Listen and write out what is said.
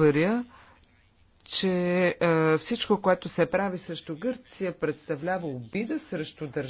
уверя, че е, всичко, което се прави срещу Гърция, представлява обида срещу държавата